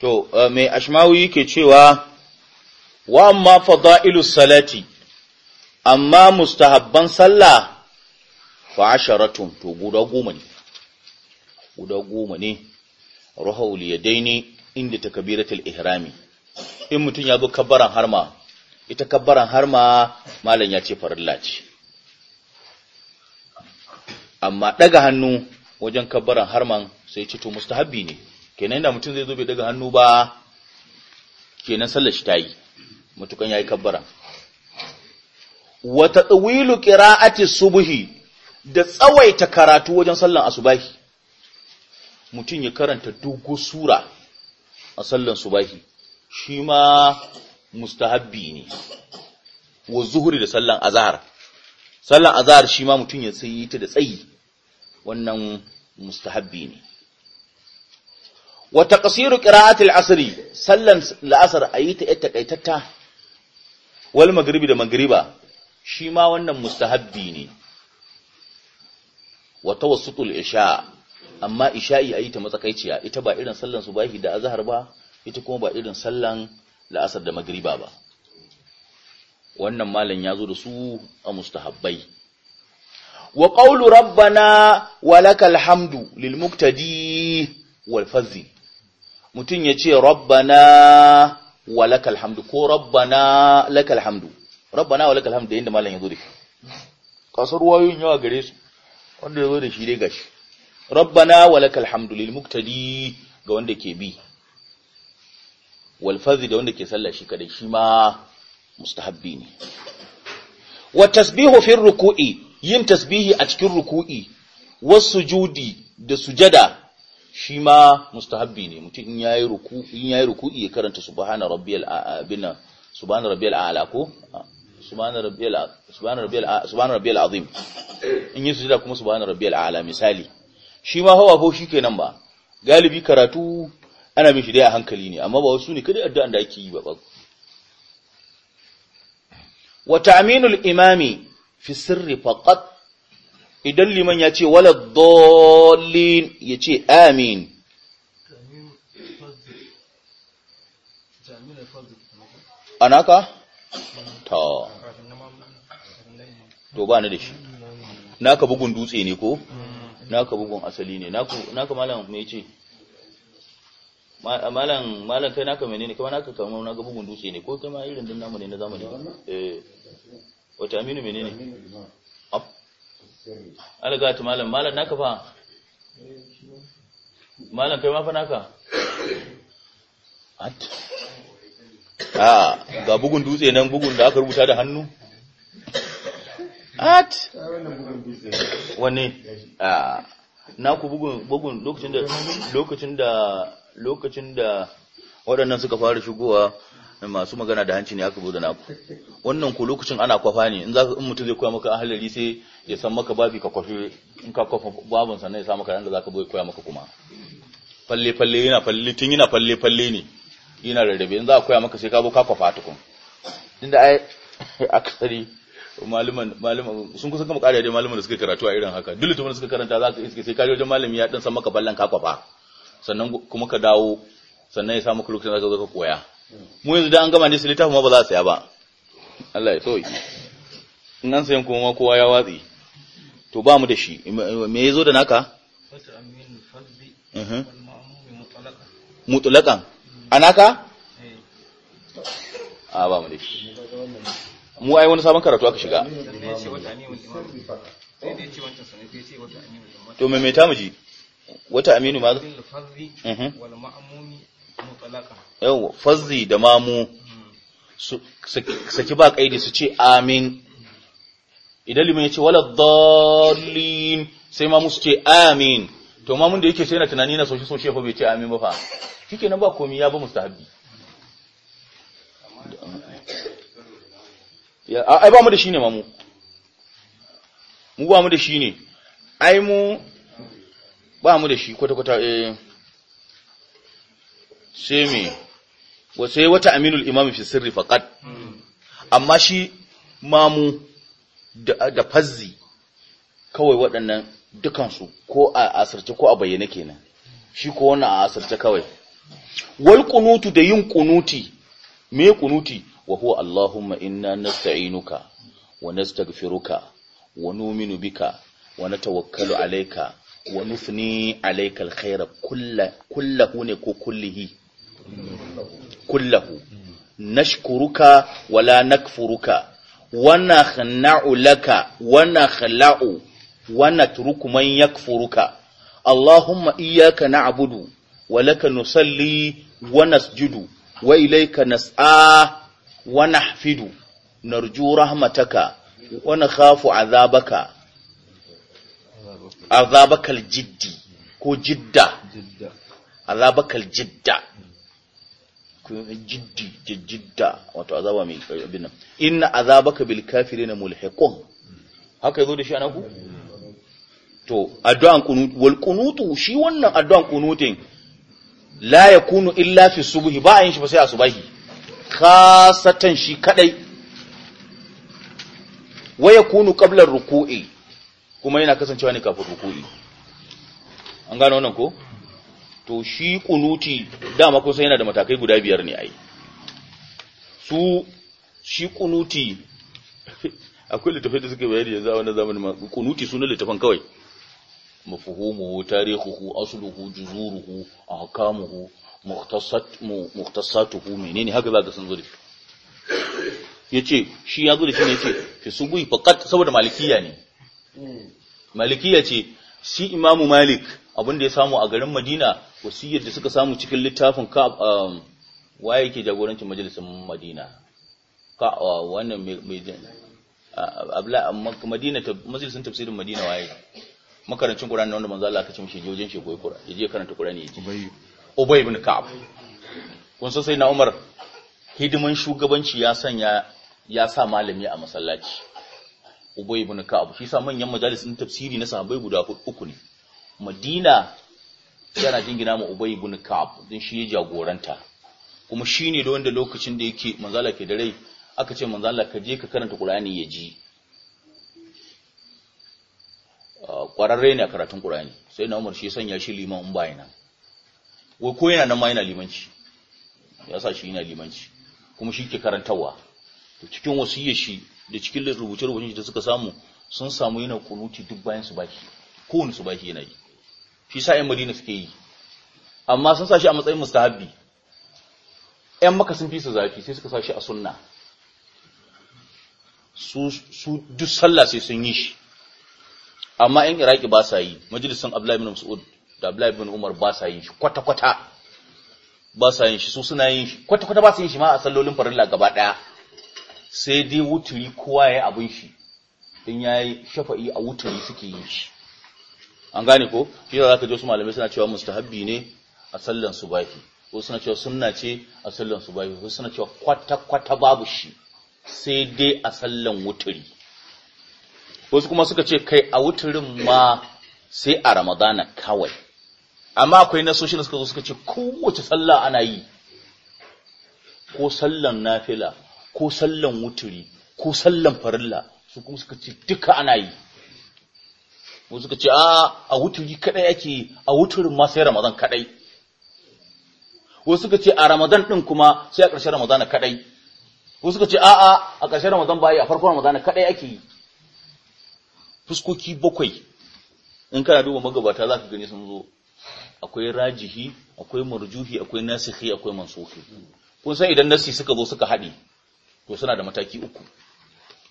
To, eh, mai ashmawi yake cewa, wa amma fada'ilu salati, amma mustahabban sallah fa asharatun to guda goma ne, guda goma ne, rahul ya daini inda ta kabiratul ihrami. In mutum ya zo kabbaran harma, ita kabbaran harma malam ya ce farilla ce. Amma ɗaga hannu wajen kabbaran harman sai ce to mustahabbi ne. kenan da mutum zai zo bai daga hannu ba kenan sallar shi ta yi. mutukan yayi kabbara wa tatwilu qira'ati subhi da tsawaita karatu wajen sallan asubahi mutum ya karanta dogo sura a sallan subahi shi ma mustahabbi ne wa zuhuri da sallar azahar, sallar azahar shi ma mutum ya sayi ta da tsayi wannan mustahabbi ne wa taqsiru qira'ati al sallan la'asar ayi ta ita kaitatta wal magribi da magriba shi ma wannan mustahabbi ne wa tawassutul isha amma isha'i ayi ta matsakaiciya ita ba irin sallan subahi da azhar ba ita kuma ba irin sallan la'asar da magriba ba wannan malam ya zo da su a mustahabbai wa qawlu rabbana wa lakal hamdu lil muktadi wal fazl mutum ya ce rabbana wa lakal hamdu ko rabbana lakal hamdu rabbana wa lakal hamdu yayin da malam ya da shi kasar wayoyin yawa gare su wanda ya zo da shi dai gashi rabbana wa lakal hamdu lil muktadi ga wanda ke bi wal fazi da wanda ke sallah shi kadai shi ma mustahabbi ne wa tasbihu fi ruku'i yin tasbihi a cikin ruku'i wasujudi da sujada shi ma mustahabbi ne mutum in yayi ruku in yayi ruku'i ya karanta subhana rabbiyal a'la abina subhana rabbiyal a'la ko subhana rabbiyal a'la subhana rabbiyal azim in yi sujada kuma subhana rabbiyal a'la misali shi ma hawa ko shikenan ba galibi karatu ana mishi dai a hankali ne amma ba wasu ne kada addu'an da ake yi ba wa ta'minul imami fi sirri faqat idan liman ya ce wala ya ce amin anaka ta to ba ni da shi naka bugun dutse ne ko naka bugun asali ne naka malam me ce malam malam kai naka menene kuma naka kamar naka bugun dutse ne ko kuma irin din namu ne na zamani eh wata aminu menene alaga ta malam malam naka fa malam kai ma fa naka a ga bugun dutse nan bugun da aka rubuta da hannu at wane a naku bugun bugun lokacin da lokacin da waɗannan suka fara shigowa masu magana da hanci ne aka zo da naku wannan ko lokacin ana kwafa ne in za in mutum zai koya maka ahalari sai ya san maka babi ka kwafi in ka kwafa babin sannan ya sa maka yanda zaka ka koya maka kuma falle falle yana falle tun yana falle falle ne yana rarrabe in za a koya maka sai ka ka kwafa tukun inda ai akasari malaman malaman sun kusa kama kare da malaman da suka karatu a irin haka dole to suka karanta za ka iske sai ka je wajen malami ya dan san maka ballan ka kwafa sannan kuma ka dawo sannan ya sa maka lokacin da ka zo ka koya mu yanzu da an gama ne su littafin ma ba za a saya ba Allah ya tsoyi nan an sayan kuma kowa ya watsi to ba mu da shi me yazo da naka mhm. mutulakan a naka a ba mu da shi mu ai wani sabon karatu aka shiga to ta mu ji wata aminu ma zai mhm. yau fazzi da mamu saki ba kaidi su ce amin idan limin ya ce wala Dalilin sai mamu su ce amin to mamun da yake sai na tunani na soshi soshi fa bai ce amin ba fa nan ba komai ya ba mustahabi ai ba mu da shi ne mamu mu ba mu da ne ai mu ba mu da shi kwata-kwata eh sai me yi wata aminul imam fi sirri faƙad? amma shi mamu da fazzi kawai waɗannan dukansu ko a asirce ko a bayyane kenan shi ko wani a asirce kawai wal kunutu da yin kunuti me kunuti wa huwa allahumma inna nasta'inuka wa nastaghfiruka wa nu'minu bika wa natawakkalu alayka wa nufni alayka alkhayra kullahu ne ko kullihi kullahu nashkuruka wala nakfuruka wana nakhna'u laka wana nakhla'u wa natruku man yakfuruka allahumma iyyaka na'budu wa laka nusalli wa nasjudu wa ilayka nas'a wa nahfidu narju rahmataka wa nakhafu 'adhabaka azabakal jiddi ko jidda azabakal jidda jiddi jiddida wato azaba mai abin nan inna azabaka bil kafirin mulhiqun haka yazo da shi anaku to addu'an qunut wal qunutu shi wannan addu'an qunutin la yakunu illa fi subhi ba yin shi ba sai a subahi khasatan shi kadai wa yakunu qabla ruku'i kuma yana kasancewa ne kafin ruku'i an gano wannan ko to shi kunuti dama san yana da matakai guda biyar ne ai su shi kunuti akwai littafai da suke bayani yanzu a wannan zamanin ma kunuti sunan littafan kawai mafhumuhu tarihuhu asluhu juzuruhu ahkamuhu muhtasatuhu menene haka zaka san zuri yace shi ya zuri shi ne yace fi sugui faqat saboda malikiya ne malikiya ce shi imamu malik abin da ya samu a garin Madina wasiyar da suka samu cikin littafin ka um, waye yake jagorancin majalisar Madina ka uh, wannan mai uh, abla um, Madina majalisar tafsirin Madina waye makarancin Qur'ani wanda manzo Allah ka ce mishi jojin shi koyi Qur'ani yaje karanta Qur'ani yaje Ubay Ubay ibn Ka'ab kun san sai na Umar hidiman shugabanci ya sanya ya sa malami a masallaci Ubay ibn Ka'ab shi sa manyan majalisun tafsiri na sahabbai guda uku ne madina yana jingina ma ubay ibn Ka'b din shi ya jagoranta kuma shine da wanda lokacin da yake manzala ke da rai aka ce manzala ka je ka karanta qur'ani ya ji kwararre ah, ne a karatun qur'ani sai na umar shi sanya shi liman in bayina wai ko yana nan ma yana limanci ya sa shi yana limanci kuma shi ke karantawa. to cikin wasiyya shi da cikin rubuce-rubucen da suka samu sun samu yana kunuti duk bayan su baki kowane su baki yana yi shi sa ‘yan madina suke yi amma sun sa shi a matsayin mustahabbi ‘yan maka sun fi su zafi sai suka sa shi a sunna su duk sallah sai sun yi shi amma ‘yan iraki ba sa yi majalisun abdullahi bin mas'ud da abdullahi bin umar ba sa yin shi kwata-kwata ba sa yin shi su suna yin shi kwata-kwata ba sa yin shi ma a sallolin farilla gaba ɗaya sai dai wuturi kowa ya yi abin shi in ya yi shafa'i a wuturi suke yi shi an gane ko shi za ka ji wasu malamai suna cewa mustahabbi ne a sallan subahi ko suna cewa sunna ce a sallan subahi ko suna cewa kwata-kwata babu shi sai dai a sallan wuturi wasu kuma suka ce kai a wuturin ma sai a ramadana kawai amma akwai nasoshin da suka zo suka ce kowace sallah ana yi ko sallan nafila ko sallan wuturi ko sallan farilla su kuma suka ce duka ana yi mu suka ce a a wuturi kadai yake a wuturin ma sai ramadan kadai wasu suka ce a ramadan din kuma sai a ƙarshen ramadan kadai wasu suka ce a a a ƙarshen ramadan bai a farkon ramadan kadai yake fuskoki bakwai in kana duba magabata zaka gani sun zo akwai rajihi akwai marjuhi akwai nasihi, akwai mansuhi kun san idan nasi suka zo suka haɗe to suna da mataki uku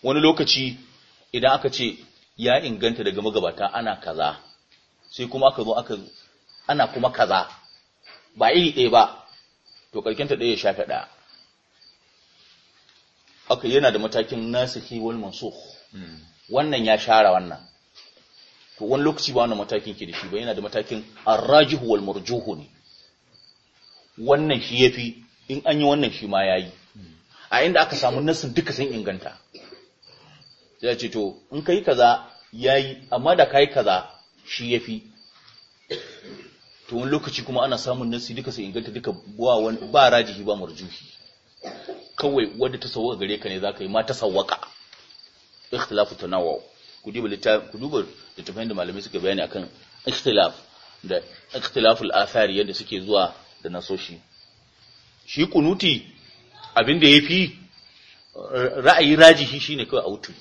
wani lokaci idan aka ce ya inganta daga magabata ana kaza sai kuma aka zo aka ana kuma kaza ba iri ɗaya ba to karkenta ɗaya ya shafe ɗaya aka yana da matakin nasihi wal mansukh hmm. wannan ya share wannan to wani lokaci ba wannan matakin ke da shi ba yana da matakin arrajih wal murjuhu ne wannan shi yafi in an yi wannan shi ma yayi hmm. a inda aka samu nasin duka sun inganta sai ce to in kai kaza yayi amma da kai kaza shi yafi to wani lokaci kuma ana samun nasi duka sai inganta duka ba wani ba rajihi ba marjuhi kawai wanda ta sawwaka gare ka ne zaka yi ma ta sawwaka ikhtilafu tanawwu ku duba littafin ku duba littafin da malamai suka bayani akan ikhtilaf da ikhtilaful athari yadda suke zuwa da nasoshi shi kunuti abin da yafi ra'ayi rajihi shine kawai wutu.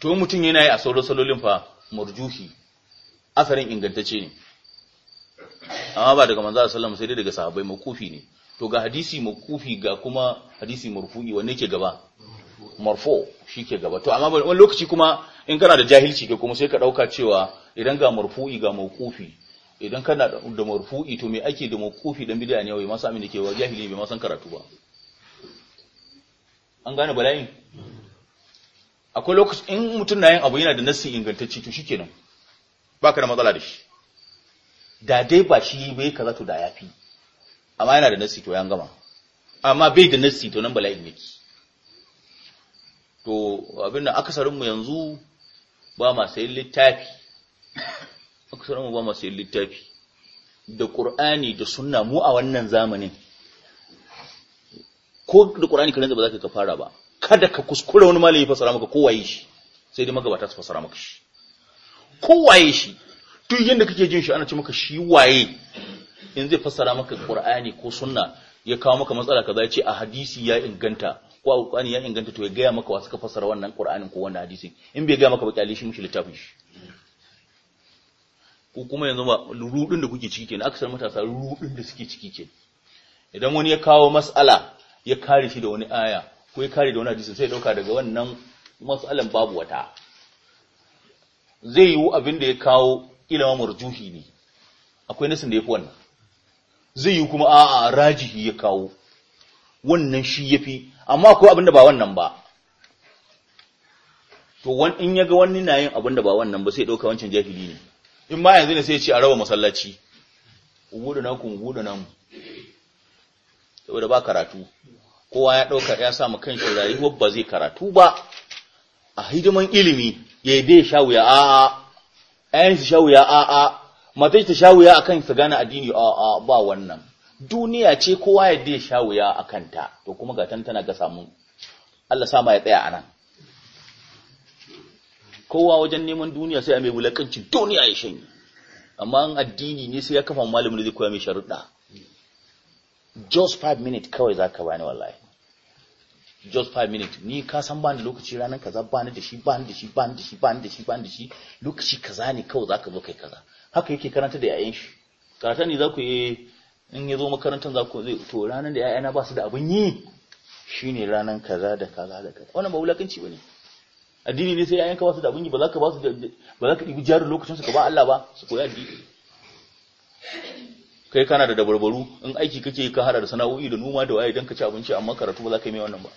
to mutum yana yi a sauran salolin fa murjuhi asarin ingantacce ne amma ba daga manzo sallallahu sai dai daga sahabbai makufi ne to ga hadisi makufi ga kuma hadisi marfu'i wanne ke gaba marfu ke gaba to amma wani lokaci kuma in kana da jahilci kai kuma sai ka dauka cewa idan ga marfu'i ga makufi idan kana da marfu'i to me ake da makufi dan bid'a ne wai ma sami da ke wa jahili bai ma san karatu ba an gane bala'in akwai lokaci in mutum na yin abu yana da nassin ingantacci to shikenan baka da matsala da shi da dai ba shi bai kaza to da yafi amma yana da nassi to yan gama amma bai da nassi to nan bala'in yake to abin da akasarinmu yanzu ba ma sayin littafi akasarinmu ba ma sayin littafi da ƙur'ani da sunna mu a wannan zamanin ko da ƙur'ani kan ba za ka fara ba kada ka kuskura wani malami fasara maka kowaye shi sai dai magabata su fasara maka shi kowaye shi tun yanda kake jin shi ana ce maka shi waye in zai fasara maka Qur'ani ko sunna ya kawo maka matsala Ka ya ce a hadisi ya inganta ko alƙur'ani ya inganta to ya gaya maka wa suka fasara wannan qur'anin ko wannan hadisin in bai gaya maka ba kyale shi mushi littafin shi ko kuma yanzu ba rudin da kuke ciki kenan aksar matasa rudin da suke ciki kenan idan wani ya kawo matsala ya kare shi da wani aya ko ya kare da wani hadisi sai dauka daga wannan matsalan babu wata zai yiwu abin da ya kawo ilama marjuhi ne akwai nasin da ya fi wannan zai yiwu kuma a'a rajihi ya kawo wannan shi ya fi amma akwai abin da ba wannan ba to in ya ga wani na yin abin da ba wannan ba sai ɗauka wancan jahili ne in ma yanzu ne sai ce a raba masallaci gudu na kun gudu nan saboda ba karatu kowa ya ɗauka ya sa kan shi rayuwar ba zai karatu ba a hidiman ilimi ya yi dai sha wuya a'a ayan shi sha wuya a'a matai ta sha wuya akan su gane addini a'a ba wannan duniya ce kowa ya dai sha wuya kanta, to kuma ga tana ga samu. Allah sama ya tsaya a nan. kowa wajen neman duniya sai a mai wulakanci duniya ya shanye amma addini ne sai ya kafa malamin da zai koya mai sharuɗa just five minutes kawai za ka bani wallahi just five minutes ni ka san bani lokaci ranar kaza bani da shi bani da shi bani da shi bani da shi bani da shi lokaci kaza ne kawai za ka zo kai kaza haka yake karanta da yayan shi karata ne za ku yi in ya zo makarantar za ku zai to ranar da yayana ba su da abin yi shine ranar kaza da kaza da kaza wannan ba wulakanci bane addini ne sai yayanka ba su da abin yi ba za ka ba su ba za ka ɗibi jarin lokacin su ka ba Allah ba su koyi addini kai kana da dabarbaru in aiki kake ka hada da sana'o'i da noma da waye dan ka ci abinci amma karatu ba za ka yi mai wannan ba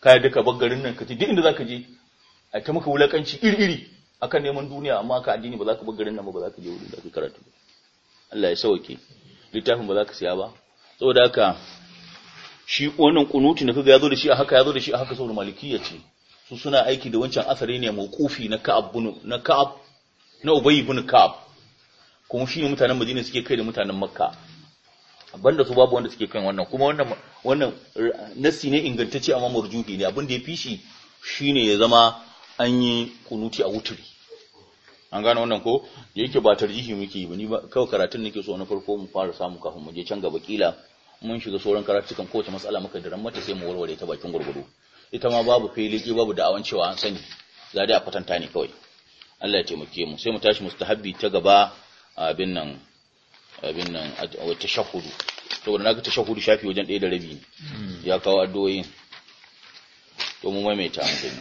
ka yadda ka bar garin nan ka ci duk inda za ka je a ta maka wulakanci iri-iri akan neman duniya amma ka addini ba za ka bar garin nan ba ba za ka je wurin da ka karatu ba Allah ya sauke littafin ba za ka siya ba saboda haka shi wannan kunuti na kaga yazo da shi a haka yazo da shi a haka saboda malikiyya ce su suna aiki da wancan asari ne kufi na Ka'ab bin na Ka'ab na Ubay bin Ka'ab kuma shine mutanen Madina suke kai da mutanen Makka banda su babu wanda suke kai wannan kuma wannan wannan nasi ne ingantacce amma marjuhi ne abin da ya fishi ne ya zama an yi kunuti a wuturi an gane wannan ko da yake ba tarjihi muke yi ba ni ba kawai karatun nake so na farko mu fara samu kafin mu je can gaba kila mun shiga sauran karatukan kowace matsala muka daren mata sai mu warware ta bakin gurgudu ita ma babu filiki babu da'awan cewa an sani za dai a kwatanta ne kawai Allah ya taimake mu sai mu tashi mustahabbi ta gaba abin nan abin nan tashahudu saboda naga tashahudu shafi wajen ɗaya da rabi hmm. ya kawo addu'o'in to mu maimaita an gani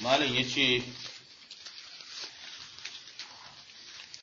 malam yace